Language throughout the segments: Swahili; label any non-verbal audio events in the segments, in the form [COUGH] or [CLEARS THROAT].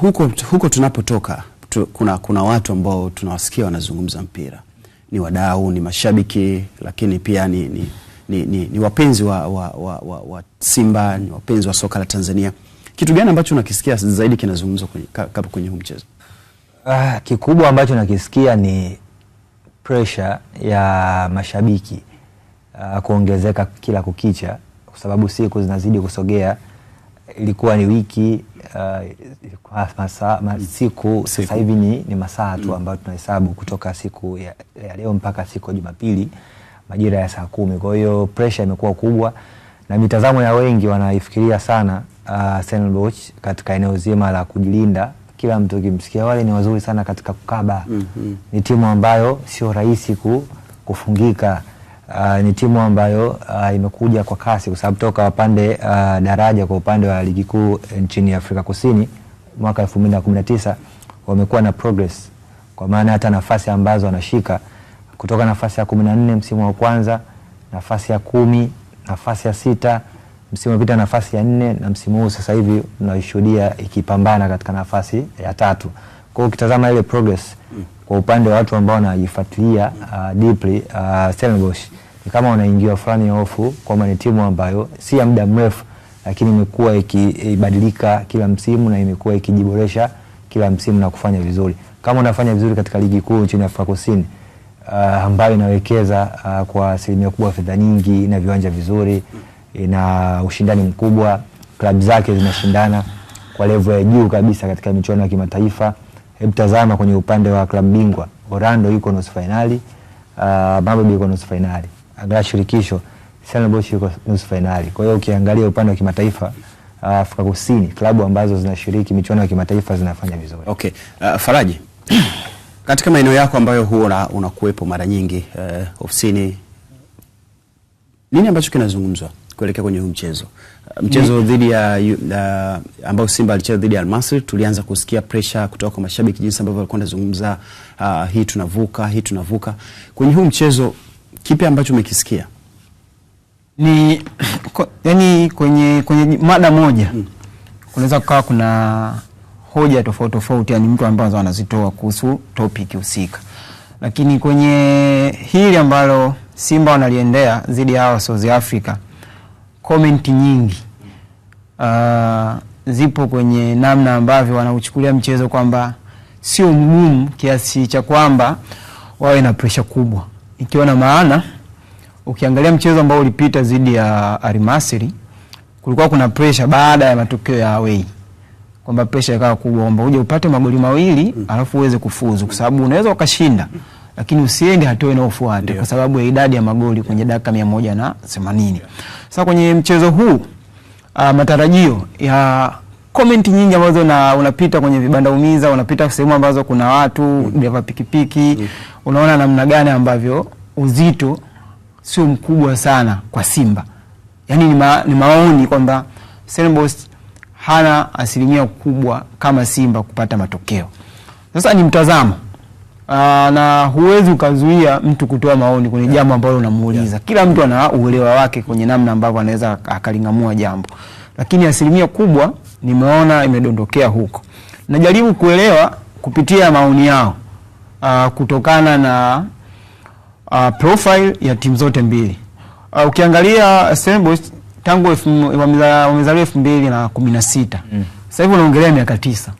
huko, huko tunapotoka tu, kuna, kuna watu ambao tunawasikia wanazungumza mpira, ni wadau, ni mashabiki, lakini pia ni, ni, ni, ni, ni wapenzi wa, wa, wa, wa, wa Simba, ni wapenzi wa soka la Tanzania. Kitu gani ambacho unakisikia zaidi kinazungumzwa kwenye, kwenye huu mchezo? Ah, kikubwa ambacho nakisikia ni pressure ya mashabiki ah, kuongezeka kila kukicha, kwa sababu siku zinazidi kusogea, ilikuwa ni wiki uh, masa, masiku sasa hivi ni, ni masaa tu ambayo tunahesabu kutoka siku ya, ya leo mpaka siku ya Jumapili majira ya saa kumi. Kwa hiyo presha imekuwa kubwa na mitazamo ya wengi wanaifikiria sana uh, Stellenbosch katika eneo zima la kujilinda. Kila mtu kimsikia wale ni wazuri sana katika kukaba mm -hmm. Ni timu ambayo sio rahisi kufungika. Uh, ni timu ambayo uh, imekuja kwa kasi kwa sababu toka wapande uh, ah, daraja kwa upande wa ligi kuu eh, nchini Afrika Kusini mwaka 2019 wamekuwa na progress, kwa maana hata nafasi ambazo wanashika kutoka nafasi ya 14 msimu wa kwanza, nafasi ya kumi, nafasi ya sita, msimu uliopita nafasi ya nne, na msimu huu sasa hivi tunaishuhudia ikipambana katika nafasi ya tatu. Kwa hiyo ukitazama ile progress kwa upande wa watu ambao wanajifuatilia uh, deeply uh, Stellenbosch ni kama unaingia fulani hofu kwamba ni timu ambayo si ya muda mrefu, lakini imekuwa ikibadilika kila msimu na imekuwa ikijiboresha kila msimu na kufanya vizuri. Kama unafanya vizuri katika ligi kuu nchini Afrika Kusini uh, ambayo inawekeza uh, kwa asilimia kubwa fedha nyingi, ina viwanja vizuri, ina ushindani mkubwa, klabu zake zinashindana kwa levu ya juu kabisa katika michuano ya kimataifa. Hebu tazama kwenye upande wa klabu bingwa, Orlando ah, yuko nusu fainali, uh, Mabobi yuko nusu fainali la shirikisho Stellenbosch yuko nusu fainali. Kwa hiyo ukiangalia upande wa kimataifa uh, Afrika Kusini, klabu ambazo zinashiriki michuano ya kimataifa zinafanya vizuri. Okay. Uh, Faraji [CLEARS THROAT] katika maeneo yako ambayo huwa unakuwepo mara nyingi uh, ofisini, nini ambacho kinazungumzwa kuelekea kwenye huu mchezo uh, mchezo dhidi ya uh, ambao Simba alicheza dhidi ya Almasri, tulianza kusikia pressure kutoka kwa mashabiki jinsi ambavyo walikuwa wanazungumza, uh, hii tunavuka, hii tunavuka. Kwenye huu mchezo Kipi ambacho umekisikia? Ni yani kwenye, kwenye mada moja hmm, kunaweza kukawa kuna hoja tofauti tofauti, yani mtu ambazo anazitoa kuhusu topic husika, lakini kwenye hili ambalo Simba wanaliendea dhidi ya hawa South Africa, komenti nyingi uh, zipo kwenye namna ambavyo wanauchukulia mchezo kwamba sio mgumu kiasi cha kwamba wawe na presha kubwa ikiwa na maana ukiangalia mchezo ambao ulipita dhidi ya al kulikuwa kuna pressure baada ya matokeo ya away kwamba pressure ikawa kubwa kwamba uje upate magoli mawili alafu uweze kufuzu, kwa sababu unaweza ukashinda lakini usiende hatua inayofuata kwa sababu ya idadi ya magoli kwenye dakika mia moja na themanini. Sasa kwenye mchezo huu uh, matarajio ya komenti nyingi ambazo na unapita kwenye vibanda umiza, unapita sehemu ambazo kuna watu dereva mm. pikipiki, mm. unaona namna gani ambavyo uzito sio mkubwa sana kwa Simba. Yaani ni, ma, ni maoni kwamba Stellenbosch hana asilimia kubwa kama Simba kupata matokeo. Sasa ni mtazamo Aa, ah, na huwezi ukazuia mtu kutoa maoni kwenye jambo ambalo unamuuliza. Yeah. Kila mtu ana uelewa wake kwenye namna ambavyo anaweza akalingamua jambo, lakini asilimia kubwa nimeona imedondokea huko. Najaribu kuelewa kupitia maoni yao uh, kutokana na uh, profile ya timu zote mbili uh, ukiangalia Stellenbosch tangu wamezaliwa elfu mbili na kumi na sita mm. Sasa hivi unaongelea miaka tisa.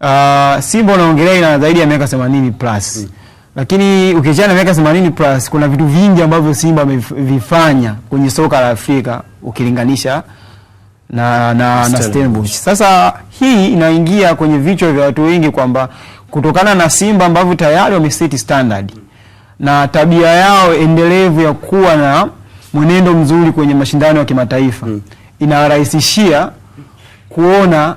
Uh, Simba unaongelea ina zaidi ya miaka themanini plus mm. Lakini ukiachana na miaka themanini plus kuna vitu vingi ambavyo Simba amevifanya kwenye soka la Afrika ukilinganisha na, na, na Stellenbosch. Sasa hii inaingia kwenye vichwa vya watu wengi kwamba kutokana na Simba ambavyo tayari wameseti standard na tabia yao endelevu ya kuwa na mwenendo mzuri kwenye mashindano ya kimataifa hmm, inawarahisishia kuona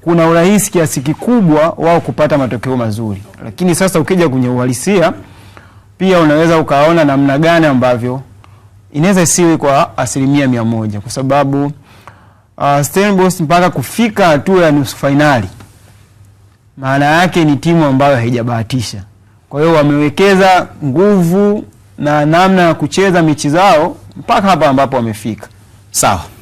kuna urahisi kiasi kikubwa wao kupata matokeo mazuri, lakini sasa ukija kwenye uhalisia pia unaweza ukaona namna gani ambavyo inaweza isiwe kwa asilimia mia moja kwa sababu uh, Stellenbosch mpaka kufika hatua ya nusu fainali, maana yake ni timu ambayo haijabahatisha. Kwa hiyo wamewekeza nguvu na namna ya kucheza mechi zao mpaka hapa ambapo wamefika. Sawa.